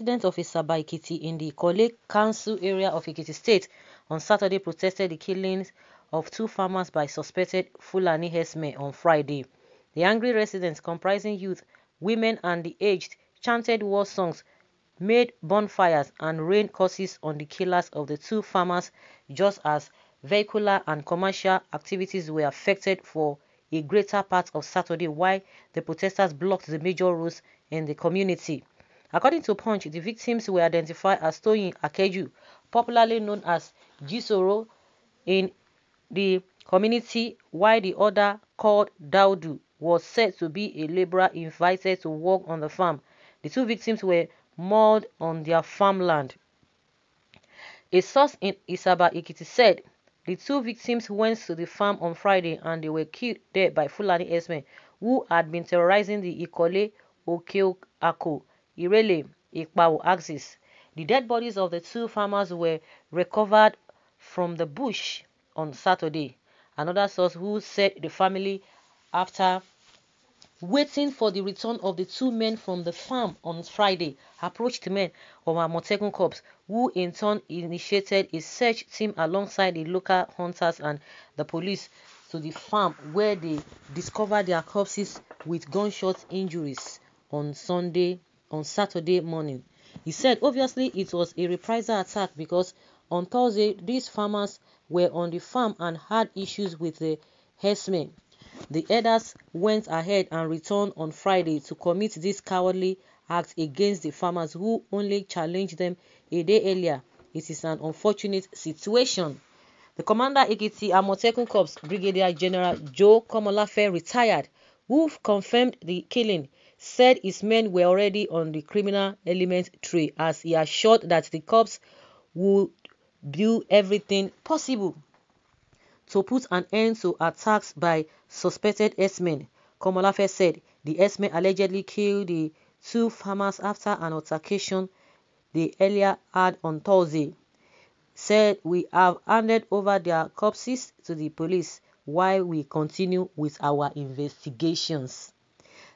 residents of Isaba Ikiti in the Kole Council area of Ikiti State on Saturday protested the killings of two farmers by suspected Fulani herdsmen on Friday. The angry residents, comprising youth, women, and the aged, chanted war songs, made bonfires, and rained curses on the killers of the two farmers, just as vehicular and commercial activities were affected for a greater part of Saturday while the protesters blocked the major roads in the community. According to Punch, the victims were identified as Toyin Akeju, popularly known as Jisoro in the community, while the other, called Daudu, was said to be a laborer invited to work on the farm. The two victims were mauled on their farmland. A source in Isaba Ikiti said the two victims went to the farm on Friday and they were killed there by Fulani Esme, who had been terrorizing the Ikole Okeako Irele Ikpao axis. The dead bodies of the two farmers were recovered from the bush on Saturday. Another source who said the family, after waiting for the return of the two men from the farm on Friday, approached men of Amotekun Corps, who in turn initiated a search team alongside the local hunters and the police to the farm where they discovered their corpses with gunshot injuries on Sunday on Saturday morning. He said obviously it was a reprisal attack because on Thursday these farmers were on the farm and had issues with the herdsmen. The herders went ahead and returned on Friday to commit this cowardly act against the farmers who only challenged them a day earlier. It is an unfortunate situation. The commander Ekiti Amotekun Corps Brigadier General Joe Komolafe retired, who confirmed the killing said his men were already on the criminal element tree, as he assured that the cops would do everything possible to put an end to attacks by suspected S-men. Komolafe said the S-men allegedly killed the two farmers after an altercation they earlier had on Thursday. Said we have handed over their corpses to the police while we continue with our investigations.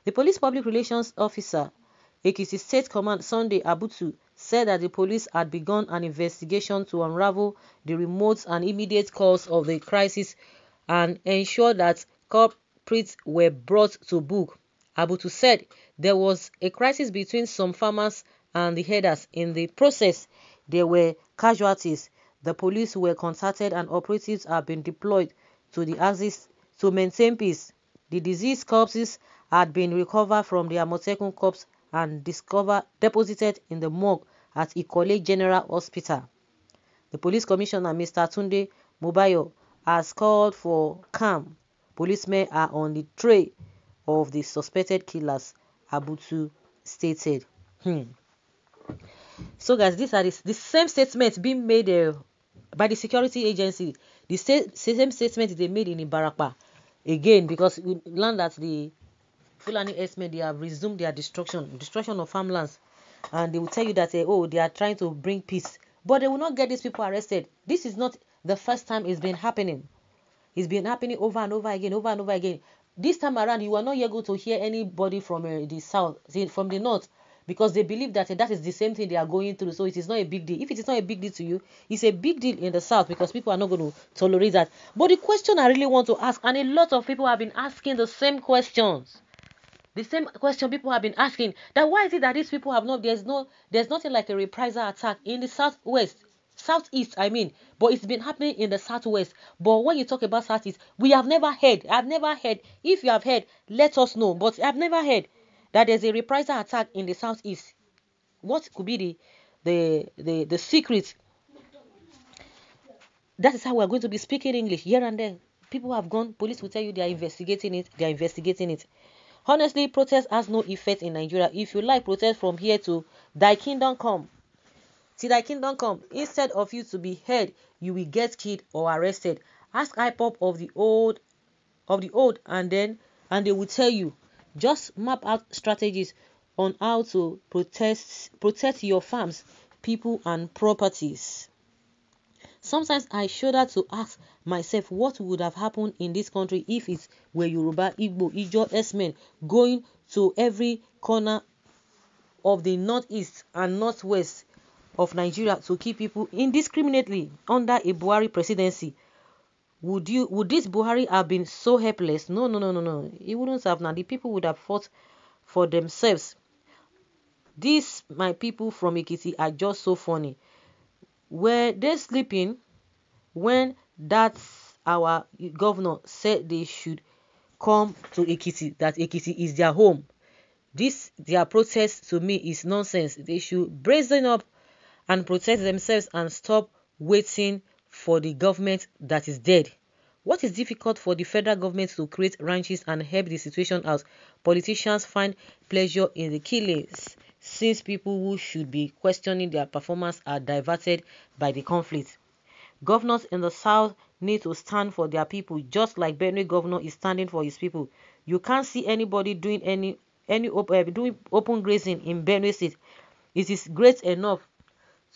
The police public relations officer, AKC State Command Sunday Abutu, said that the police had begun an investigation to unravel the remote and immediate cause of the crisis and ensure that culprits were brought to book. Abutu said there was a crisis between some farmers and the herders. In the process, there were casualties. The police were contacted and operatives have been deployed to the axis to maintain peace. The disease corpses had been recovered from the Amotekun corpse and discovered deposited in the morgue at Ikole General Hospital. The police commissioner, Mr. Tunde Mubayo, has called for calm. Policemen are on the trail of the suspected killers, Abutu stated. Hmm. So, guys, these are the, the same statements being made uh, by the security agency. The same, same statement they made in Ibarapa again because we learned that the Fulani Esme, they have resumed their destruction, destruction of farmlands. And they will tell you that, uh, oh, they are trying to bring peace. But they will not get these people arrested. This is not the first time it's been happening. It's been happening over and over again, over and over again. This time around, you are not able to hear anybody from uh, the south, from the north, because they believe that uh, that is the same thing they are going through. So it is not a big deal. If it is not a big deal to you, it's a big deal in the south because people are not going to tolerate that. But the question I really want to ask, and a lot of people have been asking the same questions the same question people have been asking that why is it that these people have not there's no there's nothing like a reprisal attack in the southwest, southeast, I mean, but it's been happening in the southwest. But when you talk about southeast, we have never heard. I've never heard. If you have heard, let us know. But I've never heard that there's a reprisal attack in the southeast. What could be the the the, the secret? That is how we're going to be speaking English here and there. People have gone, police will tell you they are investigating it, they are investigating it. Honestly, protest has no effect in Nigeria. If you like protest from here to thy kingdom come, till thy kingdom come, instead of you to be heard, you will get killed or arrested. Ask IPOP of the old, of the old, and then and they will tell you. Just map out strategies on how to protest protect your farms, people, and properties. Sometimes I shudder to ask myself what would have happened in this country if it were Yoruba, Igbo, Ijo, Esmen men going to every corner of the northeast and northwest of Nigeria to keep people indiscriminately under a Buhari presidency. Would you would this Buhari have been so helpless? No, no, no, no, no. He wouldn't have now. The people would have fought for themselves. These my people from Ikiti are just so funny. Were they sleeping when that our governor said they should come to Ekiti, that Ekiti is their home? This their protest to me is nonsense. They should brazen up and protect themselves and stop waiting for the government that is dead. What is difficult for the federal government to create ranches and help the situation out? Politicians find pleasure in the killings since people who should be questioning their performance are diverted by the conflict. Governors in the south need to stand for their people, just like Benue governor is standing for his people. You can't see anybody doing any any open, eh, doing open grazing in Benue State. It is great enough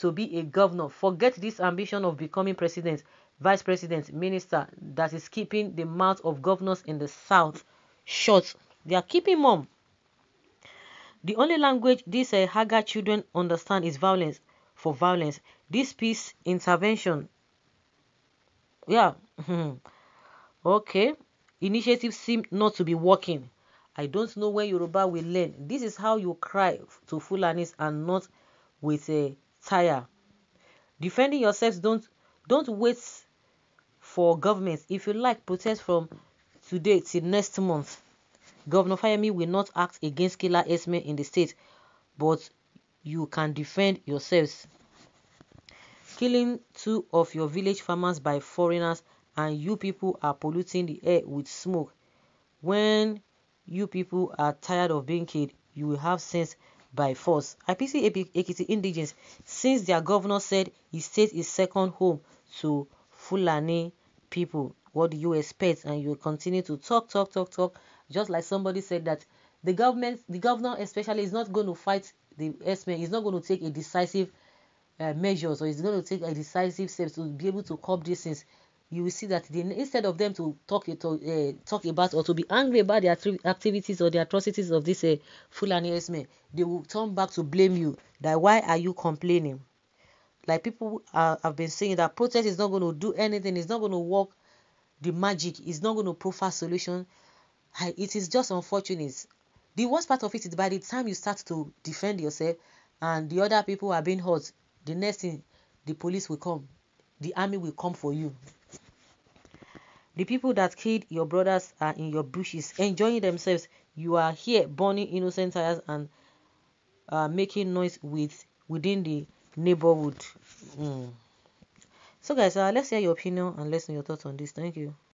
to be a governor. Forget this ambition of becoming president, vice president, minister that is keeping the mouth of governors in the south shut. They are keeping mum. The only language these uh, Haga children understand is violence for violence. This peace intervention. Yeah. Hmm. okay. Initiatives seem not to be working. I don't know where Yoruba will learn. This is how you cry to Fulanis and not with a tire. Defending yourselves, don't don't wait for governments. If you like, protest from today till next month. Governor Fayemi will not act against killer Esme in the state, but you can defend yourselves. Killing two of your village farmers by foreigners and you people are polluting the air with smoke. When you people are tired of being killed, you will have sense by force. IPC Ekiti Indigens, since their governor said his state is second home to Fulani people, what do you expect? And you continue to talk, talk, talk, talk, just like somebody said that the government, the governor especially, is not going to fight the S-men. He's not going to take a decisive uh, measures or he's going to take a decisive steps to be able to curb these things. You will see that the, instead of them to talk to, uh, talk about or to be angry about their activities or the atrocities of this uh, Fulani S-men, they will turn back to blame you. That why are you complaining? Like people are, have been saying that protest is not going to do anything. It's not going to work. The magic is not going to provide solution it is just unfortunate. The worst part of it is by the time you start to defend yourself and the other people are being hurt, the next thing, the police will come, the army will come for you. The people that killed your brothers are in your bushes enjoying themselves. You are here burning innocent tires and uh, making noise with within the neighborhood. Mm. So, guys, uh, let's hear your opinion and let's know your thoughts on this. Thank you.